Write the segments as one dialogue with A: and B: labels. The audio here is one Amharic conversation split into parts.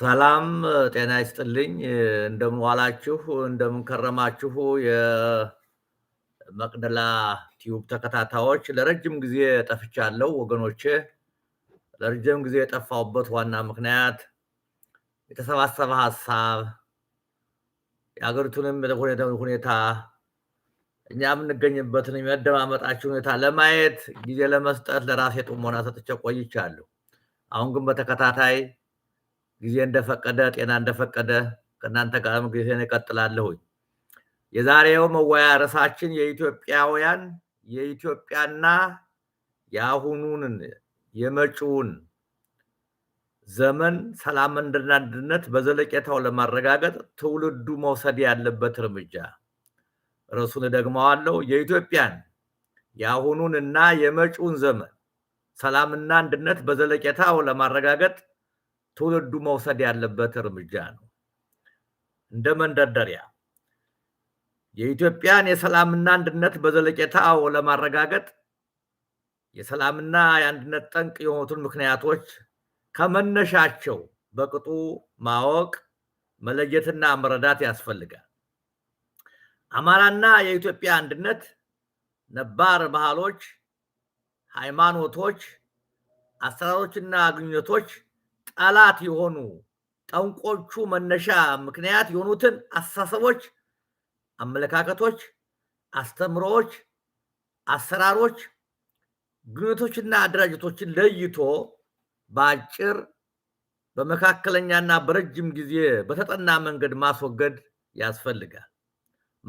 A: ሰላም ጤና ይስጥልኝ። እንደምንዋላችሁ እንደምንከረማችሁ የመቅደላ ቲዩብ ተከታታዮች። ለረጅም ጊዜ ጠፍቻለሁ ወገኖቼ። ለረጅም ጊዜ የጠፋሁበት ዋና ምክንያት የተሰባሰበ ሀሳብ የሀገሪቱንም ሁኔታ እኛ የምንገኝበትን የመደማመጣችን ሁኔታ ለማየት ጊዜ ለመስጠት ለራሴ ጥሞና ሰጥቼ ቆይቻለሁ። አሁን ግን በተከታታይ ጊዜ እንደፈቀደ ጤና እንደፈቀደ ከእናንተ ጋርም ጊዜን እቀጥላለሁኝ። የዛሬው መወያ ርዕሳችን የኢትዮጵያውያን የኢትዮጵያና የአሁኑን የመጪውን ዘመን ሰላምና አንድነት በዘለቄታው ለማረጋገጥ ትውልዱ መውሰድ ያለበት እርምጃ ርዕሱን ደግመዋለሁ። የኢትዮጵያን የአሁኑን እና የመጪውን ዘመን ሰላምና አንድነት በዘለቄታው ለማረጋገጥ ትውልዱ መውሰድ ያለበት እርምጃ ነው። እንደ መንደርደሪያ የኢትዮጵያን የሰላምና አንድነት በዘለቄታው ለማረጋገጥ የሰላምና የአንድነት ጠንቅ የሆኑትን ምክንያቶች ከመነሻቸው በቅጡ ማወቅ መለየትና መረዳት ያስፈልጋል። አማራና የኢትዮጵያ አንድነት ነባር ባህሎች፣ ሃይማኖቶች፣ አሰራሮችና ግንኙነቶች ጠላት የሆኑ ጠንቆቹ መነሻ ምክንያት የሆኑትን አስተሳሰቦች፣ አመለካከቶች፣ አስተምሮዎች፣ አሰራሮች፣ ግንኙነቶችና አደራጀቶችን ለይቶ በአጭር በመካከለኛና በረጅም ጊዜ በተጠና መንገድ ማስወገድ ያስፈልጋል።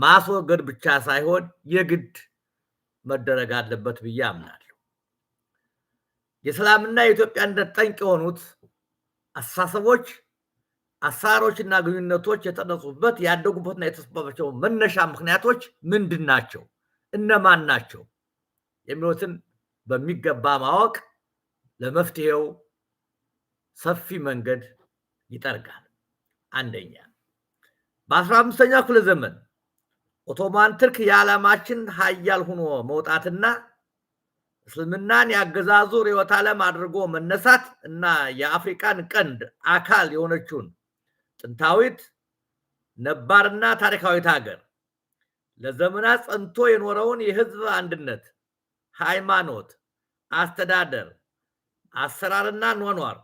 A: ማስወገድ ብቻ ሳይሆን የግድ መደረግ አለበት ብዬ አምናለሁ። የሰላምና የኢትዮጵያ አንድነት ጠንቅ የሆኑት አሳሰቦች አሳሮች እና ግንኙነቶች የጠነሱበት ያደጉበትና የተስባባቸው መነሻ ምክንያቶች ምንድን ናቸው? እነማን ናቸው? የሚሉትን በሚገባ ማወቅ ለመፍትሄው ሰፊ መንገድ ይጠርጋል። አንደኛ በአስራ አምስተኛው ክፍለ ዘመን ኦቶማን ትርክ የዓለማችን ሀያል ሆኖ መውጣትና እስልምናን የአገዛዙ ርዕዮተ ዓለም አድርጎ መነሳት እና የአፍሪካን ቀንድ አካል የሆነችውን ጥንታዊት ነባርና ታሪካዊት ሀገር ለዘመናት ጸንቶ የኖረውን የህዝብ አንድነት፣ ሃይማኖት፣ አስተዳደር፣ አሰራርና ኗኗር፣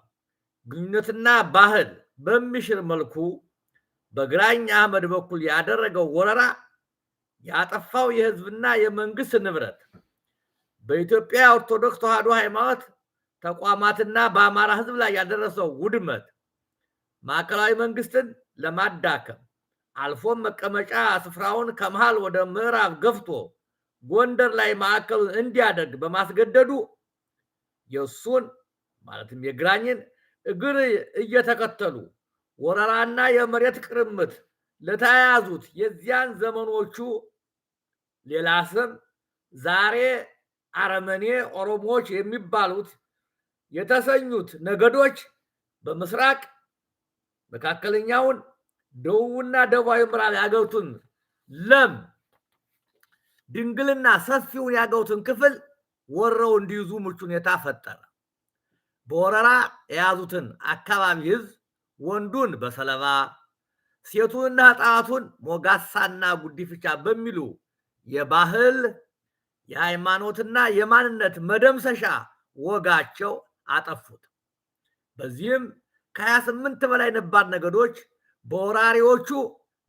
A: ግንኙነትና ባህል በሚሽር መልኩ በግራኝ አህመድ በኩል ያደረገው ወረራ ያጠፋው የህዝብና የመንግስት ንብረት በኢትዮጵያ ኦርቶዶክስ ተዋሕዶ ሃይማኖት ተቋማትና በአማራ ህዝብ ላይ ያደረሰው ውድመት ማዕከላዊ መንግስትን ለማዳከም አልፎም መቀመጫ ስፍራውን ከመሃል ወደ ምዕራብ ገፍቶ ጎንደር ላይ ማዕከሉን እንዲያደርግ በማስገደዱ የእሱን ማለትም የግራኝን እግር እየተከተሉ ወረራና የመሬት ቅርምት ለተያያዙት የዚያን ዘመኖቹ ሌላ ስም ዛሬ አረመኔ ኦሮሞዎች የሚባሉት የተሰኙት ነገዶች በምስራቅ መካከለኛውን ደቡብና ደቡባዊ ምዕራብ ያገቱን ለም ድንግልና ሰፊውን ያገቱን ክፍል ወረው እንዲይዙ ምቹ ሁኔታ ፈጠረ። በወረራ የያዙትን አካባቢ ህዝብ ወንዱን በሰለባ ሴቱንና ህፃናቱን ሞጋሳና ጉዲፍቻ በሚሉ የባህል የሃይማኖትና የማንነት መደምሰሻ ወጋቸው አጠፉት። በዚህም ከሀያ ስምንት በላይ ነባር ነገዶች በወራሪዎቹ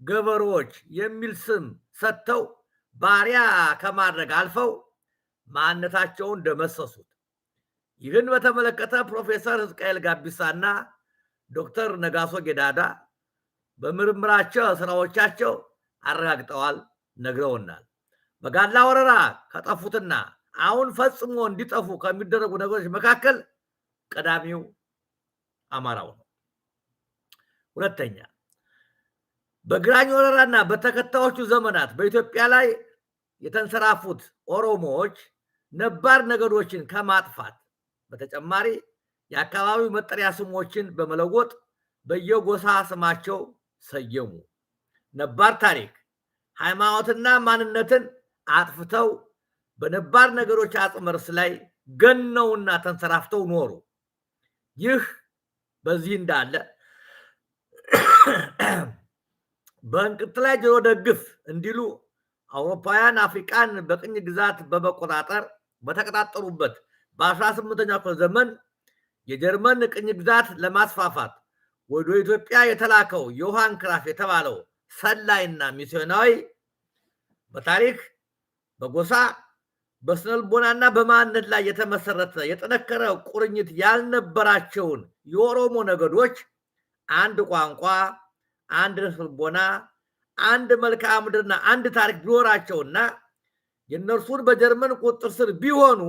A: ገበሬዎች የሚል ስም ሰጥተው ባሪያ ከማድረግ አልፈው ማንነታቸውን ደመሰሱት። ይህን በተመለከተ ፕሮፌሰር ሕዝቅኤል ጋቢሳና ዶክተር ነጋሶ ጌዳዳ በምርምራቸው ስራዎቻቸው አረጋግጠዋል፣ ነግረውናል። በጋላ ወረራ ከጠፉትና አሁን ፈጽሞ እንዲጠፉ ከሚደረጉ ነገሮች መካከል ቀዳሚው አማራው ነው። ሁለተኛ በግራኝ ወረራና በተከታዮቹ ዘመናት በኢትዮጵያ ላይ የተንሰራፉት ኦሮሞዎች ነባር ነገዶችን ከማጥፋት በተጨማሪ የአካባቢው መጠሪያ ስሞችን በመለወጥ በየጎሳ ስማቸው ሰየሙ። ነባር ታሪክ ሃይማኖትና ማንነትን አጥፍተው በነባር ነገሮች አጽመርስ ላይ ገነውና ተንሰራፍተው ኖሩ። ይህ በዚህ እንዳለ በእንቅርት ላይ ጆሮ ደግፍ እንዲሉ አውሮፓውያን አፍሪቃን በቅኝ ግዛት በመቆጣጠር በተቀጣጠሩበት በ 18 ክፍለ ዘመን የጀርመን ቅኝ ግዛት ለማስፋፋት ወደ ኢትዮጵያ የተላከው ዮሐን ክራፍ የተባለው ሰላይና ሚስዮናዊ በታሪክ በጎሳ በስነልቦናና በማንነት ላይ የተመሰረተ የጠነከረ ቁርኝት ያልነበራቸውን የኦሮሞ ነገዶች አንድ ቋንቋ፣ አንድ ስነልቦና፣ አንድ መልክዓ ምድርና አንድ ታሪክ ቢኖራቸውና የእነርሱን በጀርመን ቁጥር ስር ቢሆኑ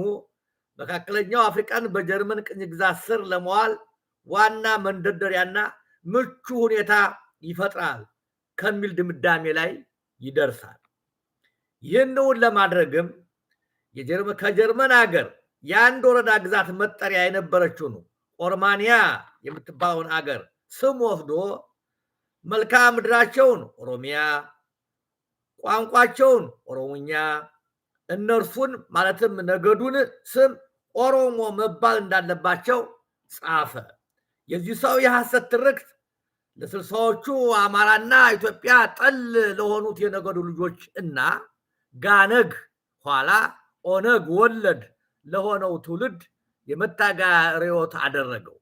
A: መካከለኛው አፍሪቃን በጀርመን ቅኝ ግዛት ስር ለመዋል ዋና መንደርደሪያና ምቹ ሁኔታ ይፈጥራል ከሚል ድምዳሜ ላይ ይደርሳል። ይህንውን ለማድረግም ከጀርመን ሀገር የአንድ ወረዳ ግዛት መጠሪያ የነበረችውን ኦርማንያ የምትባለውን አገር ስም ወስዶ መልክዓ ምድራቸውን ኦሮሚያ፣ ቋንቋቸውን ኦሮሞኛ፣ እነርሱን ማለትም ነገዱን ስም ኦሮሞ መባል እንዳለባቸው ጻፈ። የዚህ ሰው የሐሰት ትርክት ለስልሳዎቹ አማራና ኢትዮጵያ ጠል ለሆኑት የነገዱ ልጆች እና ጋነግ ኋላ ኦነግ ወለድ ለሆነው ትውልድ የመታገያ ርዕዮት አደረገው።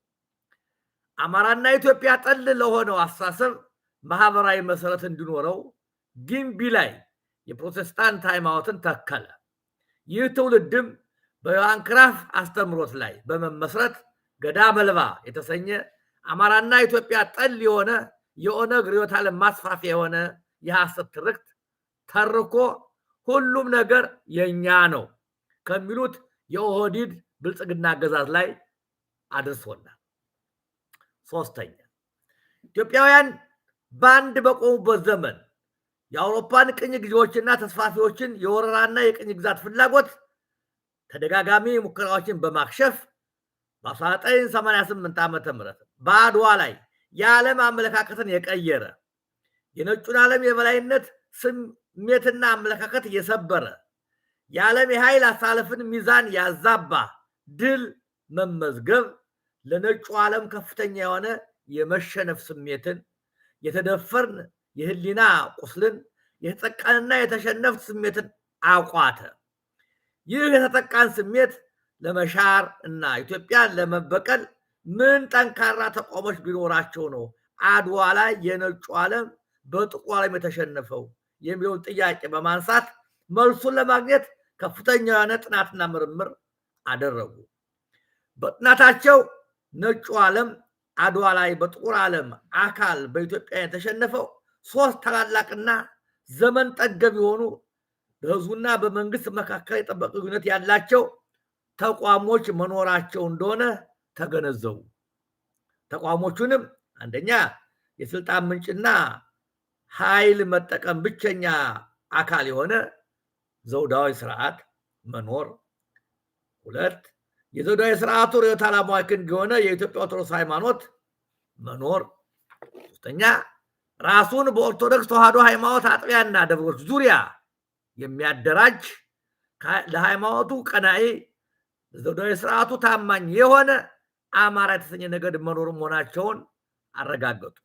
A: አማራና ኢትዮጵያ ጠል ለሆነው አስተሳሰብ ማህበራዊ መሰረት እንዲኖረው ግንቢ ላይ የፕሮቴስታንት ሃይማኖትን ተከለ። ይህ ትውልድም በዮሐንክራፍ አስተምሮት ላይ በመመስረት ገዳ በልባ የተሰኘ አማራና ኢትዮጵያ ጠል የሆነ የኦነግ ርዕዮተ ዓለም ማስፋፊያ የሆነ የሐሰት ትርክት ተርኮ ሁሉም ነገር የኛ ነው ከሚሉት የኦህዲድ ብልጽግና አገዛዝ ላይ አድርሶናል። ሶስተኛ ኢትዮጵያውያን በአንድ በቆሙበት ዘመን የአውሮፓን ቅኝ ጊዜዎችና ተስፋፊዎችን የወረራና የቅኝ ግዛት ፍላጎት ተደጋጋሚ ሙከራዎችን በማክሸፍ በ1988 ዓ ም በአድዋ ላይ የዓለም አመለካከትን የቀየረ የነጩን ዓለም የበላይነት ስም እሜትና አመለካከት የሰበረ የዓለም የኃይል አሳልፍን ሚዛን ያዛባ ድል መመዝገብ ለነጩ ዓለም ከፍተኛ የሆነ የመሸነፍ ስሜትን የተደፈርን የህሊና ቁስልን የተጠቃንና የተሸነፍ ስሜትን አቋተ። ይህ የተጠቃን ስሜት ለመሻር እና ኢትዮጵያን ለመበቀል ምን ጠንካራ ተቋሞች ቢኖራቸው ነው አድዋ ላይ የነጩ ዓለም በጥቁር ዓለም የተሸነፈው? የሚለውን ጥያቄ በማንሳት መልሱን ለማግኘት ከፍተኛ የሆነ ጥናትና ምርምር አደረጉ። በጥናታቸው ነጩ ዓለም አድዋ ላይ በጥቁር ዓለም አካል በኢትዮጵያ የተሸነፈው ሶስት ታላላቅና ዘመን ጠገብ የሆኑ በህዝቡና በመንግስት መካከል የጠበቀ ግንኙነት ያላቸው ተቋሞች መኖራቸው እንደሆነ ተገነዘቡ። ተቋሞቹንም አንደኛ የስልጣን ምንጭና ኃይል መጠቀም ብቸኛ አካል የሆነ ዘውዳዊ ስርዓት መኖር። ሁለት የዘውዳዊ ስርዓቱ ርዕዮተ ክንድ የሆነ የኢትዮጵያ ኦርቶዶክስ ሃይማኖት መኖር። ሶስተኛ ራሱን በኦርቶዶክስ ተዋሕዶ ሃይማኖት አጥቢያና ደብሮች ዙሪያ የሚያደራጅ ለሃይማኖቱ ቀናይ ዘውዳዊ ስርዓቱ ታማኝ የሆነ አማራ የተሰኘ ነገድ መኖር መሆናቸውን አረጋገጡ።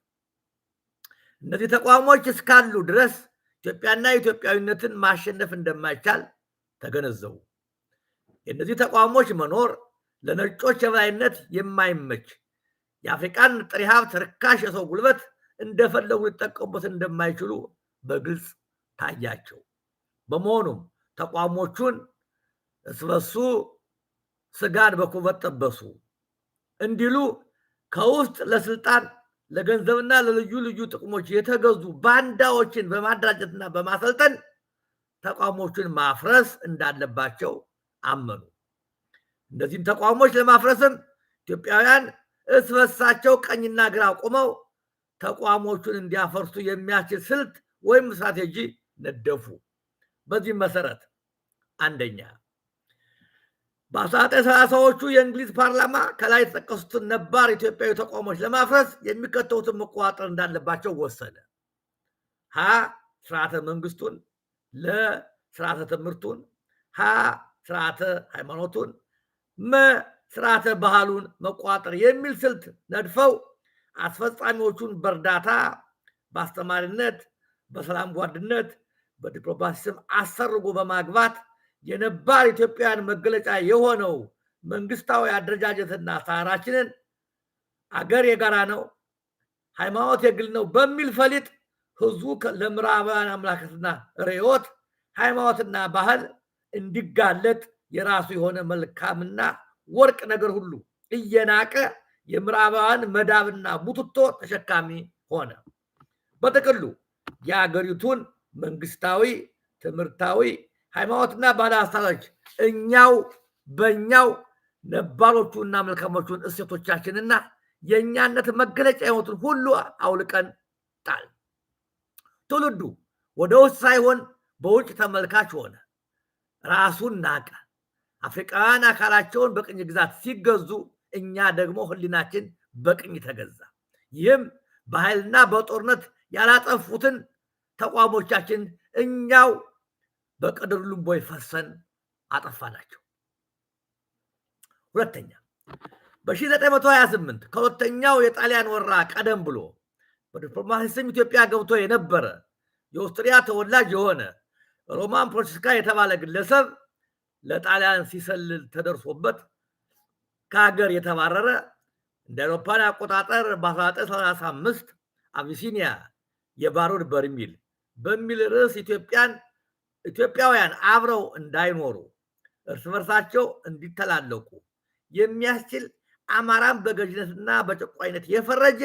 A: እነዚህ ተቋሞች እስካሉ ድረስ ኢትዮጵያና ኢትዮጵያዊነትን ማሸነፍ እንደማይቻል ተገነዘቡ። የእነዚህ ተቋሞች መኖር ለነጮች የበላይነት የማይመች የአፍሪካን ጥሬ ሀብት፣ ርካሽ የሰው ጉልበት እንደፈለጉ ሊጠቀሙበት እንደማይችሉ በግልጽ ታያቸው። በመሆኑም ተቋሞቹን እስበሱ ስጋን በኩበት ጠበሱ እንዲሉ ከውስጥ ለስልጣን ለገንዘብና ለልዩ ልዩ ጥቅሞች የተገዙ ባንዳዎችን በማደራጀትና በማሰልጠን ተቋሞቹን ማፍረስ እንዳለባቸው አመኑ። እነዚህም ተቋሞች ለማፍረስም ኢትዮጵያውያን እርስ በርሳቸው ቀኝና ግራ ቆመው ተቋሞቹን እንዲያፈርሱ የሚያስችል ስልት ወይም ስትራቴጂ ነደፉ። በዚህም መሰረት አንደኛ በ 1930 የእንግሊዝ ፓርላማ ከላይ የተጠቀሱትን ነባር ኢትዮጵያዊ ተቋሞች ለማፍረስ የሚከተሉትን መቆጣጠር እንዳለባቸው ወሰነ። ሀ ስርዓተ መንግስቱን፣ ለ ስርዓተ ትምህርቱን፣ ሀ ስርዓተ ሃይማኖቱን፣ መ ስርዓተ ባህሉን መቆጣጠር የሚል ስልት ነድፈው አስፈጻሚዎቹን በእርዳታ በአስተማሪነት፣ በሰላም ጓድነት፣ በዲፕሎማሲ ስም አሰርጎ በማግባት የነባር ኢትዮጵያውያን መገለጫ የሆነው መንግስታዊ አደረጃጀትና ሳራችንን አገር የጋራ ነው፣ ሃይማኖት የግል ነው በሚል ፈሊጥ ህዝቡ ለምዕራባውያን አምላክትና ርዕዮት ሃይማኖትና ባህል እንዲጋለጥ የራሱ የሆነ መልካምና ወርቅ ነገር ሁሉ እየናቀ የምዕራባውያን መዳብና ቡትቶ ተሸካሚ ሆነ። በጥቅሉ የአገሪቱን መንግስታዊ፣ ትምህርታዊ ሃይማኖትና ባለ ሀሳቦች እኛው በእኛው ነባሮቹና መልካሞቹን እሴቶቻችንና የእኛነት መገለጫ የሆኑትን ሁሉ አውልቀን ጣል። ትውልዱ ወደ ውስጥ ሳይሆን በውጭ ተመልካች ሆነ፣ ራሱን ናቀ። አፍሪቃውያን አካላቸውን በቅኝ ግዛት ሲገዙ፣ እኛ ደግሞ ህሊናችን በቅኝ ተገዛ። ይህም በኃይልና በጦርነት ያላጠፉትን ተቋሞቻችን እኛው በቅድር ልቦ ፈሰን አጠፋናቸው። ሁለተኛ በ1928 ከሁለተኛው የጣሊያን ወራ ቀደም ብሎ በዲፕሎማሲ ስም ኢትዮጵያ ገብቶ የነበረ የኦስትሪያ ተወላጅ የሆነ ሮማን ፕሮቸስካ የተባለ ግለሰብ ለጣሊያን ሲሰልል ተደርሶበት ከሀገር የተባረረ እንደ አውሮፓን አቆጣጠር በ1935 አቢሲኒያ የባሮድ በርሚል በሚል ርዕስ ኢትዮጵያን ኢትዮጵያውያን አብረው እንዳይኖሩ እርስ በርሳቸው እንዲተላለቁ የሚያስችል አማራን በገዥነትና በጨቋኝነት የፈረጀ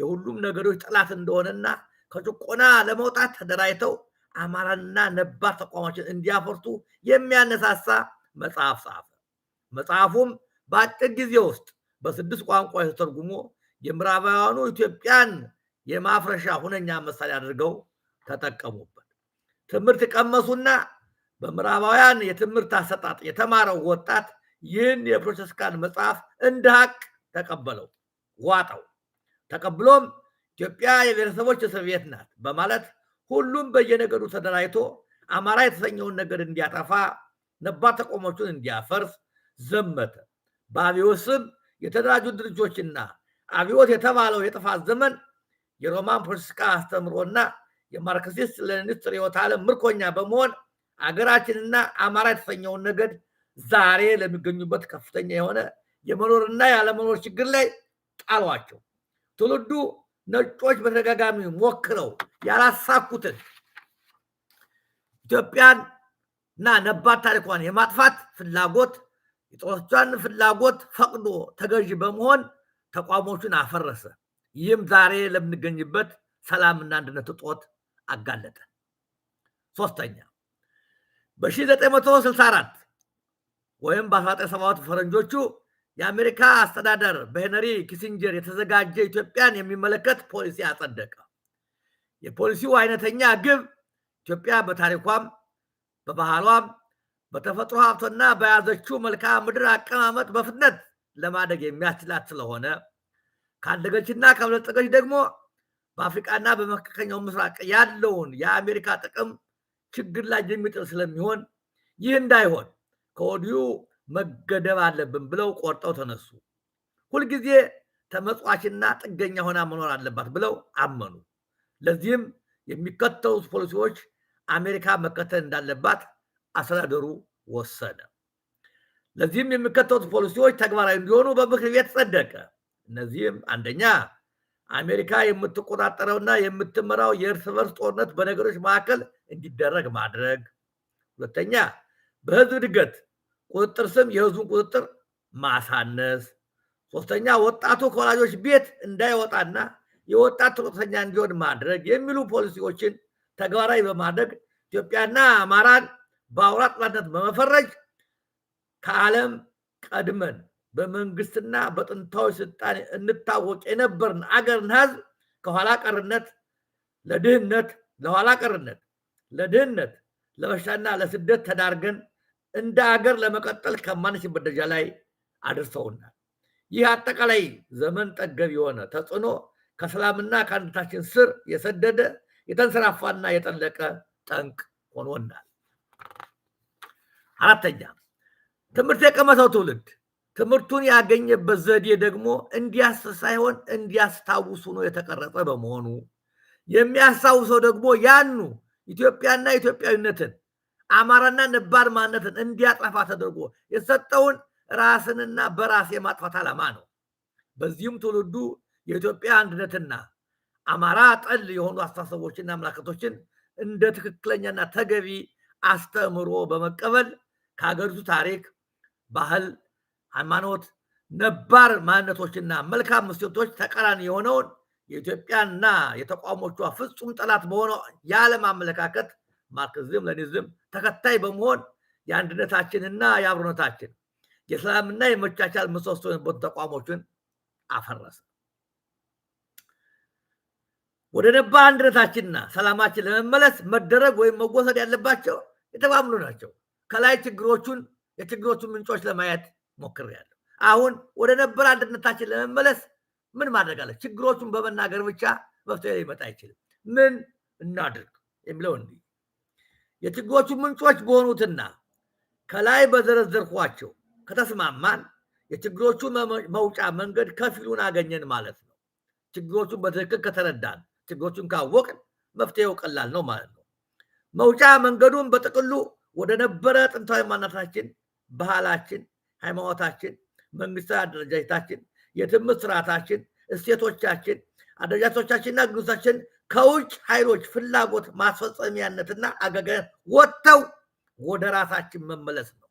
A: የሁሉም ነገዶች ጠላት እንደሆነና ከጭቆና ለመውጣት ተደራጅተው አማራንና ነባር ተቋማችን እንዲያፈርሱ የሚያነሳሳ መጽሐፍ ጻፈ። መጽሐፉም በአጭር ጊዜ ውስጥ በስድስት ቋንቋ የተተርጉሞ የምዕራባውያኑ ኢትዮጵያን የማፍረሻ ሁነኛ መሳሪያ አድርገው ተጠቀሙት። ትምህርት ቀመሱና በምዕራባውያን የትምህርት አሰጣጥ የተማረው ወጣት ይህን የፕሮቴስታንት መጽሐፍ እንደ ሀቅ ተቀበለው ዋጠው። ተቀብሎም ኢትዮጵያ የብሔረሰቦች እስር ቤት ናት በማለት ሁሉም በየነገዱ ተደራጅቶ አማራ የተሰኘውን ነገር እንዲያጠፋ፣ ነባር ተቋሞቹን እንዲያፈርስ ዘመተ። በአብዮት ስም የተደራጁ ድርጅቶችና አብዮት የተባለው የጥፋት ዘመን የሮማን ፖለቲካ አስተምሮና የማርክሲስት ሌኒኒስት ርዕዮተ ዓለም ምርኮኛ በመሆን አገራችንና አማራ የተሰኘውን ነገድ ዛሬ ለሚገኙበት ከፍተኛ የሆነ የመኖርና ያለመኖር ችግር ላይ ጣሏቸው። ትውልዱ ነጮች በተደጋጋሚ ሞክረው ያላሳኩትን ኢትዮጵያን እና ነባር ታሪኳን የማጥፋት ፍላጎት የጦሮቿን ፍላጎት ፈቅዶ ተገዥ በመሆን ተቋሞቹን አፈረሰ። ይህም ዛሬ ለምንገኝበት ሰላምና አንድነት እጦት አጋለጠ። ሶስተኛ በ1964 ወይም በ1970 ፈረንጆቹ የአሜሪካ አስተዳደር በሄነሪ ኪሲንጀር የተዘጋጀ ኢትዮጵያን የሚመለከት ፖሊሲ አጸደቀ። የፖሊሲው አይነተኛ ግብ ኢትዮጵያ በታሪኳም በባህሏም በተፈጥሮ ሀብቶና በያዘችው መልክዓ ምድር አቀማመጥ በፍጥነት ለማደግ የሚያስችላት ስለሆነ ካደገችና ከበለጸገች ደግሞ በአፍሪቃና በመካከለኛው ምስራቅ ያለውን የአሜሪካ ጥቅም ችግር ላይ የሚጥል ስለሚሆን ይህ እንዳይሆን ከወዲሁ መገደብ አለብን ብለው ቆርጠው ተነሱ። ሁልጊዜ ተመጽዋችና ጥገኛ ሆና መኖር አለባት ብለው አመኑ። ለዚህም የሚከተሉት ፖሊሲዎች አሜሪካ መከተል እንዳለባት አስተዳደሩ ወሰነ። ለዚህም የሚከተሉት ፖሊሲዎች ተግባራዊ እንዲሆኑ በምክር ቤት ጸደቀ። እነዚህም አንደኛ አሜሪካ የምትቆጣጠረውና የምትመራው የእርስ በርስ ጦርነት በነገሮች መካከል እንዲደረግ ማድረግ። ሁለተኛ በህዝብ እድገት ቁጥጥር ስም የህዝቡን ቁጥጥር ማሳነስ። ሶስተኛ ወጣቱ ከወላጆች ቤት እንዳይወጣና የወጣት ተቆጥተኛ እንዲሆን ማድረግ የሚሉ ፖሊሲዎችን ተግባራዊ በማድረግ ኢትዮጵያና አማራን በአውራ ጠላትነት በመፈረጅ ከዓለም ቀድመን በመንግስትና በጥንታዊ ስልጣኔ እንታወቅ የነበርን አገርን ህዝብ ከኋላ ቀርነት ለድህነት ለኋላ ቀርነት ለድህነት ለበሽታና ለስደት ተዳርገን እንደ አገር ለመቀጠል ከማንችልበት ደረጃ ላይ አድርሰውናል። ይህ አጠቃላይ ዘመን ጠገብ የሆነ ተጽዕኖ ከሰላምና ከአንድነታችን ስር የሰደደ የተንሰራፋና የጠለቀ ጠንቅ ሆኖናል። አራተኛ ትምህርት የቀመሰው ትውልድ ትምህርቱን ያገኘበት ዘዴ ደግሞ እንዲያስ ሳይሆን እንዲያስታውሱ ነው የተቀረጸ በመሆኑ የሚያስታውሰው ደግሞ ያኑ ኢትዮጵያና ኢትዮጵያዊነትን አማራና ነባር ማነትን እንዲያጠፋ ተደርጎ የተሰጠውን ራስንና በራስ የማጥፋት ዓላማ ነው። በዚህም ትውልዱ የኢትዮጵያ አንድነትና አማራ ጠል የሆኑ አስተሳሰቦችና አመለካከቶችን እንደ ትክክለኛና ተገቢ አስተምሮ በመቀበል ከሀገሪቱ ታሪክ፣ ባህል ሃይማኖት፣ ነባር ማንነቶችና መልካም ምስቶች ተቃራኒ የሆነውን የኢትዮጵያና የተቋሞቿ ፍጹም ጠላት በሆነው የዓለም አመለካከት ማርክዝም ለኒዝም ተከታይ በመሆን የአንድነታችንና የአብሮነታችን የሰላምና የመቻቻል ምሰሶ የነበሩ ተቋሞችን አፈረሰ። ወደ ነባ አንድነታችንና ሰላማችን ለመመለስ መደረግ ወይም መወሰድ ያለባቸው የተባምሉ ናቸው። ከላይ ችግሮቹን የችግሮቹን ምንጮች ለማየት ሞክሬያለሁ። አሁን ወደ ነበረ አንድነታችን ለመመለስ ምን ማድረግ አለ? ችግሮቹን በመናገር ብቻ መፍትሄ ሊመጣ አይችልም። ምን እናድርግ የሚለው እንዲህ የችግሮቹ ምንጮች በሆኑትና ከላይ በዘረዘርኳቸው ከተስማማን የችግሮቹ መውጫ መንገድ ከፊሉን አገኘን ማለት ነው። ችግሮቹን በትክክል ከተረዳን፣ ችግሮቹን ካወቅን መፍትሄው ቀላል ነው ማለት ነው። መውጫ መንገዱን በጥቅሉ ወደ ነበረ ጥንታዊ ማንነታችን፣ ባህላችን፣ ሃይማኖታችን፣ መንግስታዊ አደረጃጀታችን፣ የትምህርት ስርዓታችን፣ እሴቶቻችን፣ አደረጃቶቻችንና ግንኙነታችን ከውጭ ኃይሎች ፍላጎት ማስፈጸሚያነትና አገልጋይነት ወጥተው ወደ ራሳችን መመለስ ነው።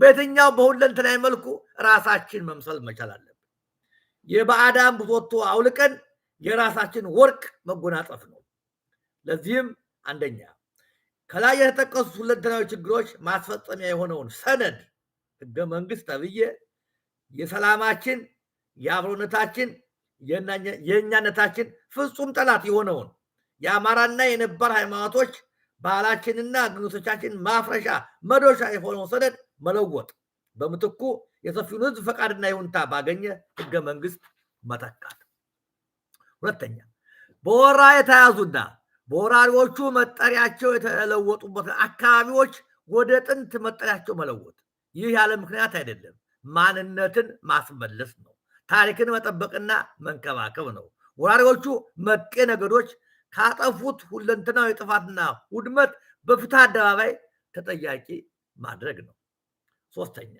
A: በየትኛው በሁለንተናዊ መልኩ ራሳችን መምሰል መቻል አለብን። የባዕዳን ብሶቶ አውልቀን የራሳችን ወርቅ መጎናጸፍ ነው። ለዚህም አንደኛ ከላይ የተጠቀሱት ሁለንተናዊ ችግሮች ማስፈጸሚያ የሆነውን ሰነድ ህገ መንግስት ተብዬ የሰላማችን የአብሮነታችን የእኛነታችን ፍጹም ጠላት የሆነውን የአማራና የነባር ሃይማኖቶች ባህላችንና ግኖቶቻችን ማፍረሻ መዶሻ የሆነው ሰደድ መለወጥ በምትኩ የሰፊውን ህዝብ ፈቃድና ይሁንታ ባገኘ ህገ መንግስት መተካት። ሁለተኛ በወራ የተያዙና በወራሪዎቹ መጠሪያቸው የተለወጡበትን አካባቢዎች ወደ ጥንት መጠሪያቸው መለወጥ ይህ ያለ ምክንያት አይደለም። ማንነትን ማስመለስ ነው። ታሪክን መጠበቅና መንከባከብ ነው። ወራሪዎቹ መጤ ነገዶች ካጠፉት ሁለንትናዊ ጥፋትና ውድመት በፍትህ አደባባይ ተጠያቂ ማድረግ ነው። ሶስተኛ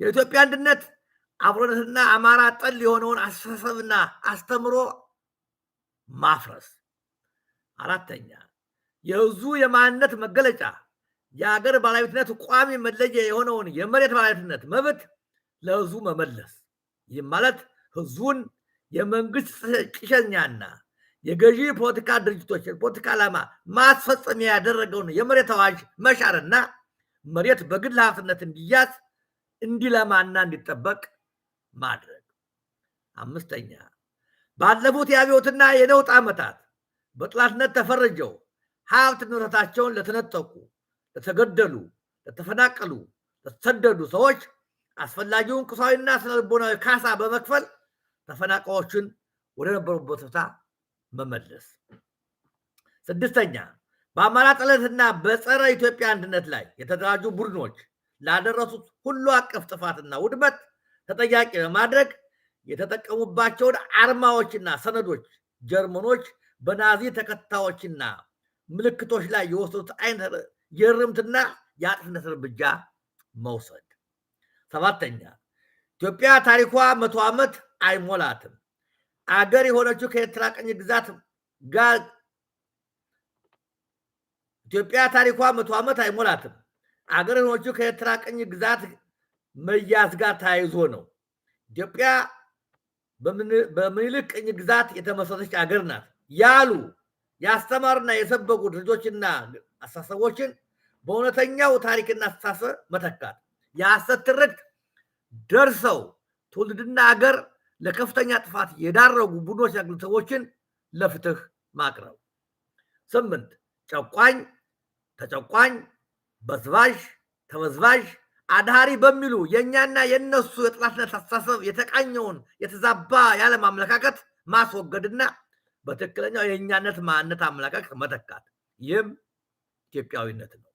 A: የኢትዮጵያ አንድነት አብሮነትና አማራ ጠል የሆነውን አስተሳሰብና አስተምሮ ማፍረስ። አራተኛ የህዝቡ የማንነት መገለጫ የአገር ባለቤትነት ቋሚ መለያ የሆነውን የመሬት ባለቤትነት መብት ለህዝቡ መመለስ። ይህ ማለት ህዝቡን የመንግስት ጭሰኛና የገዢ ፖለቲካ ድርጅቶች ፖለቲካ ዓላማ ማስፈጸሚያ ያደረገውን የመሬት አዋጅ መሻርና መሬት በግል ሀብትነት እንዲያዝ እንዲለማና እንዲጠበቅ ማድረግ። አምስተኛ ባለፉት የአብዮትና የለውጥ ዓመታት በጥላትነት ተፈርጀው ሀብት ንብረታቸውን ለተነጠቁ ለተገደሉ፣ ለተፈናቀሉ፣ ለተሰደዱ ሰዎች አስፈላጊውን ቁሳዊና ስነልቦናዊ ካሳ በመክፈል ተፈናቃዮችን ወደ ነበሩበት ቦታ መመለስ። ስድስተኛ በአማራ ጥለትና በጸረ ኢትዮጵያ አንድነት ላይ የተደራጁ ቡድኖች ላደረሱት ሁሉ አቀፍ ጥፋትና ውድመት ተጠያቂ በማድረግ የተጠቀሙባቸውን አርማዎችና ሰነዶች ጀርመኖች በናዚ ተከታዮችና ምልክቶች ላይ የወሰዱት አይነት የእርምትና የአጥፍነት እርምጃ መውሰድ። ሰባተኛ ኢትዮጵያ ታሪኳ መቶ ዓመት አይሞላትም። አገር የሆነችው ከኤርትራ ቅኝ ግዛት ጋር ኢትዮጵያ ታሪኳ መቶ ዓመት አይሞላትም። አገር የሆነችው ከኤርትራ ቅኝ ግዛት መያዝ ጋር ተያይዞ ነው። ኢትዮጵያ በምኒልክ ቅኝ ግዛት የተመሰረተች አገር ናት ያሉ ያስተማርና የሰበጉ ልጆችና አስተሳሰቦችን በእውነተኛው ታሪክና አስተሳሰብ መተካት የሐሰት ትርክት ደርሰው ትውልድና አገር ለከፍተኛ ጥፋት የዳረጉ ቡድኖች ግለሰቦችን ሰዎችን ለፍትህ ማቅረብ። ስምንት ጨቋኝ፣ ተጨቋኝ፣ በዝባዥ፣ ተበዝባዥ፣ አድሃሪ በሚሉ የእኛና የእነሱ የጥላትነት አስተሳሰብ የተቃኘውን የተዛባ ማመለካከት ማስወገድና በትክክለኛው የእኛነት ማንነት አመለካከት መተካት፣ ይህም ኢትዮጵያዊነት ነው።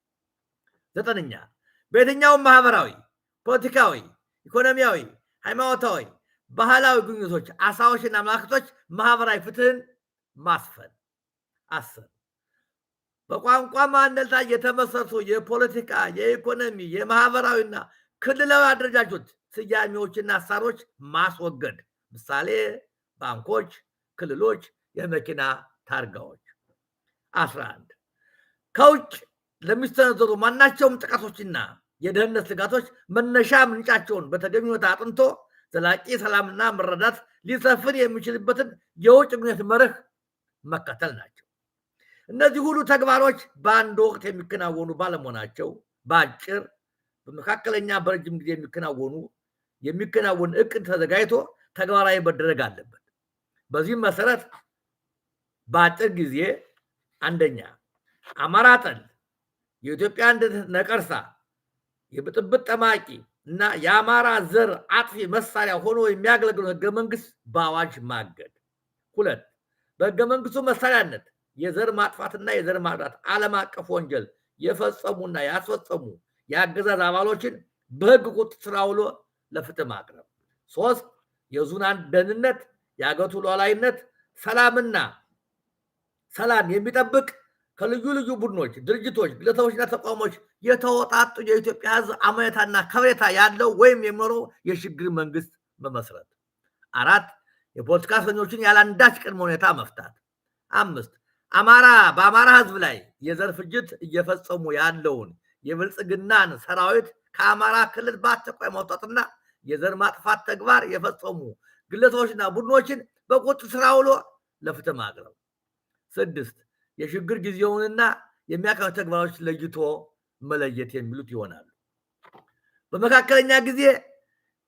A: ዘጠነኛ በየትኛውም ማህበራዊ፣ ፖለቲካዊ፣ ኢኮኖሚያዊ፣ ሃይማኖታዊ፣ ባህላዊ ግንኙቶች፣ አሳዎችና አመላክቶች ማህበራዊ ፍትህን ማስፈን። አስር በቋንቋ ማንነት ላይ የተመሰረቱ የፖለቲካ የኢኮኖሚ፣ የማህበራዊና ክልላዊ አደረጃጆች ስያሜዎችና አሳሮች ማስወገድ ምሳሌ ባንኮች፣ ክልሎች፣ የመኪና ታርጋዎች። አስራ አንድ ከውጭ ለሚሰነዘሩ ማናቸውም ጥቃቶችና የደህንነት ስጋቶች መነሻ ምንጫቸውን በተገቢ ሁኔታ አጥንቶ ዘላቂ ሰላምና መረዳት ሊሰፍን የሚችልበትን የውጭ ግንኙነት መርህ መከተል ናቸው። እነዚህ ሁሉ ተግባሮች በአንድ ወቅት የሚከናወኑ ባለመሆናቸው በአጭር በመካከለኛ፣ በረጅም ጊዜ የሚከናወኑ የሚከናወን እቅድ ተዘጋጅቶ ተግባራዊ መደረግ አለበት። በዚህም መሰረት በአጭር ጊዜ አንደኛ አማራ ጠል የኢትዮጵያ አንድነት ነቀርሳ የብጥብጥ ጠማቂ እና የአማራ ዘር አጥፊ መሳሪያ ሆኖ የሚያገለግሉ ህገ መንግስት በአዋጅ ማገድ። ሁለት በህገ መንግስቱ መሳሪያነት የዘር ማጥፋትና የዘር ማጥራት ዓለም አቀፍ ወንጀል የፈጸሙና ያስፈጸሙ የአገዛዝ አባሎችን በህግ ቁጥጥር ስር አውሎ ለፍትህ ማቅረብ። ሶስት የዙናን ደህንነት፣ የአገቱ ሉዓላዊነት፣ ሰላምና ሰላም የሚጠብቅ ከልዩ ልዩ ቡድኖች፣ ድርጅቶች፣ ግለሰቦችና ተቋሞች የተወጣጡ የኢትዮጵያ ሕዝብ አመኔታና ከበሬታ ያለው ወይም የሚኖረው የሽግግር መንግስት መመስረት። አራት የፖለቲካ እስረኞችን ያለአንዳች ቅድመ ሁኔታ መፍታት። አምስት አማራ በአማራ ሕዝብ ላይ የዘር ፍጅት እየፈጸሙ ያለውን የብልጽግናን ሰራዊት ከአማራ ክልል በአስቸኳይ መውጣትና የዘር ማጥፋት ተግባር የፈጸሙ ግለሰቦችና ቡድኖችን በቁጥጥር ስር አውሎ ለፍትህ ማቅረብ ስድስት የችግር ጊዜውንና የሚያካቱ ተግባሮች ለይቶ መለየት የሚሉት ይሆናሉ። በመካከለኛ ጊዜ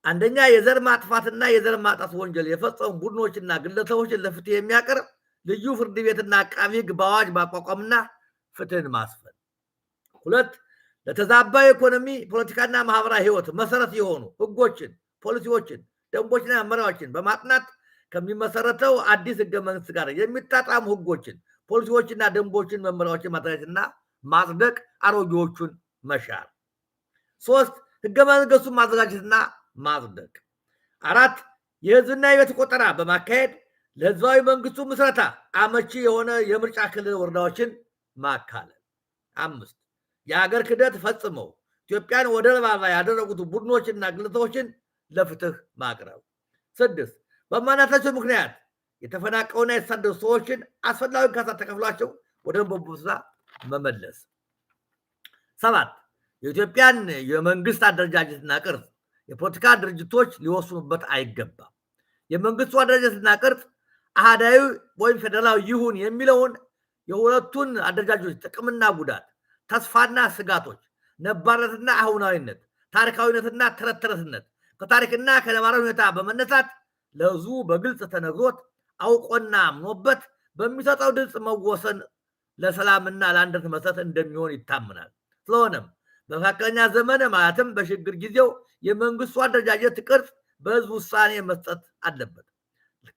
A: አንደኛ የዘር ማጥፋትና የዘር ማጣት ወንጀል የፈጸሙ ቡድኖችና ግለሰቦችን ለፍትህ የሚያቀርብ ልዩ ፍርድ ቤትና አቃቢ ሕግ በአዋጅ ማቋቋምና ፍትህን ማስፈን። ሁለት ለተዛባ ኢኮኖሚ ፖለቲካና ማህበራዊ ህይወት መሰረት የሆኑ ህጎችን፣ ፖሊሲዎችን፣ ደንቦችና መመሪያዎችን በማጥናት ከሚመሰረተው አዲስ ህገ መንግስት ጋር የሚጣጣሙ ህጎችን፣ ፖሊሲዎችና ደንቦችን፣ መመሪያዎችን ማዘጋጀትና ማጽደቅ፣ አሮጌዎቹን መሻር። ሶስት ህገ መንግስቱን ማዘጋጀትና ማጽደቅ። አራት የህዝብና የቤት ቆጠራ በማካሄድ ለህዝባዊ መንግስቱ ምስረታ አመቺ የሆነ የምርጫ ክልል ወረዳዎችን ማካለል። አምስት የሀገር ክደት ፈጽመው ኢትዮጵያን ወደ አልባ ያደረጉት ቡድኖችና ግለሰቦችን ለፍትህ ማቅረብ። ስድስት በማናታቸው ምክንያት የተፈናቀውና የተሳደዱ ሰዎችን አስፈላጊ ካሳ ተከፍሏቸው ወደ በቦስራ መመለስ። ሰባት የኢትዮጵያን የመንግስት አደረጃጀትና ቅርጽ የፖለቲካ ድርጅቶች ሊወስኑበት አይገባም። የመንግስቱ አደረጃጀትና ቅርጽ አህዳዊ ወይም ፌዴራላዊ ይሁን የሚለውን የሁለቱን አደረጃጆች ጥቅምና ጉዳት፣ ተስፋና ስጋቶች፣ ነባርነትና አሁናዊነት፣ ታሪካዊነትና ተረተረትነት ከታሪክና ከነባራዊ ሁኔታ በመነሳት ለህዝቡ በግልጽ ተነግሮት አውቆና አምኖበት በሚሰጠው ድምፅ መወሰን ለሰላምና ለአንድነት መሰረት እንደሚሆን ይታምናል። ስለሆነም በመካከለኛ ዘመን ማለትም በሽግግር ጊዜው የመንግስቱ አደረጃጀት ቅርጽ በህዝብ ውሳኔ መስጠት አለበት።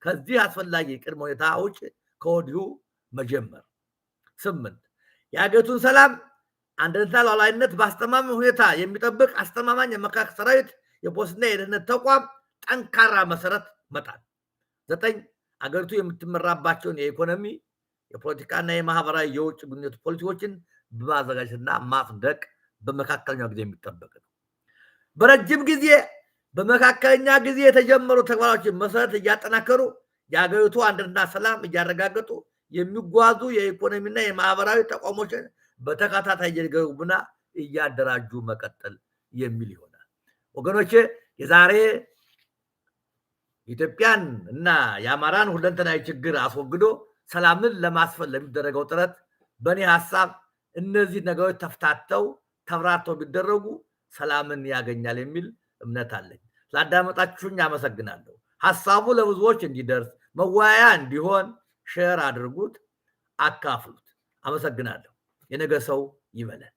A: ከዚህ አስፈላጊ ቅድመ ሁኔታ ውጭ ከወዲሁ መጀመር። ስምንት የአገቱን ሰላም አንድነትና ሉዓላዊነት በአስተማማኝ ሁኔታ የሚጠብቅ አስተማማኝ የመከላከያ ሰራዊት፣ የፖሊስና የደህንነት ተቋም ጠንካራ መሰረት መጣል። ዘጠኝ አገሪቱ የምትመራባቸውን የኢኮኖሚ የፖለቲካና የማህበራዊ የውጭ ግንኙነት ፖሊሲዎችን በማዘጋጀትና ማጽደቅ በመካከለኛ ጊዜ የሚጠበቅ ነው። በረጅም ጊዜ በመካከለኛ ጊዜ የተጀመሩ ተግባራችን መሰረት እያጠናከሩ የሀገሪቱ አንድነትና ሰላም እያረጋገጡ የሚጓዙ የኢኮኖሚና የማህበራዊ ተቋሞችን በተከታታይ እየገነቡና እያደራጁ መቀጠል የሚል ይሆናል። ወገኖቼ የዛሬ ኢትዮጵያን እና የአማራን ሁለንተናዊ ችግር አስወግዶ ሰላምን ለማስፈን ለሚደረገው ጥረት በእኔ ሀሳብ እነዚህ ነገሮች ተፍታተው ተብራርተው ቢደረጉ ሰላምን ያገኛል የሚል እምነት አለኝ። ስላዳመጣችሁኝ አመሰግናለሁ። ሀሳቡ ለብዙዎች እንዲደርስ መወያያ እንዲሆን ሼር አድርጉት፣ አካፍሉት። አመሰግናለሁ። የነገ ሰው ይበለን።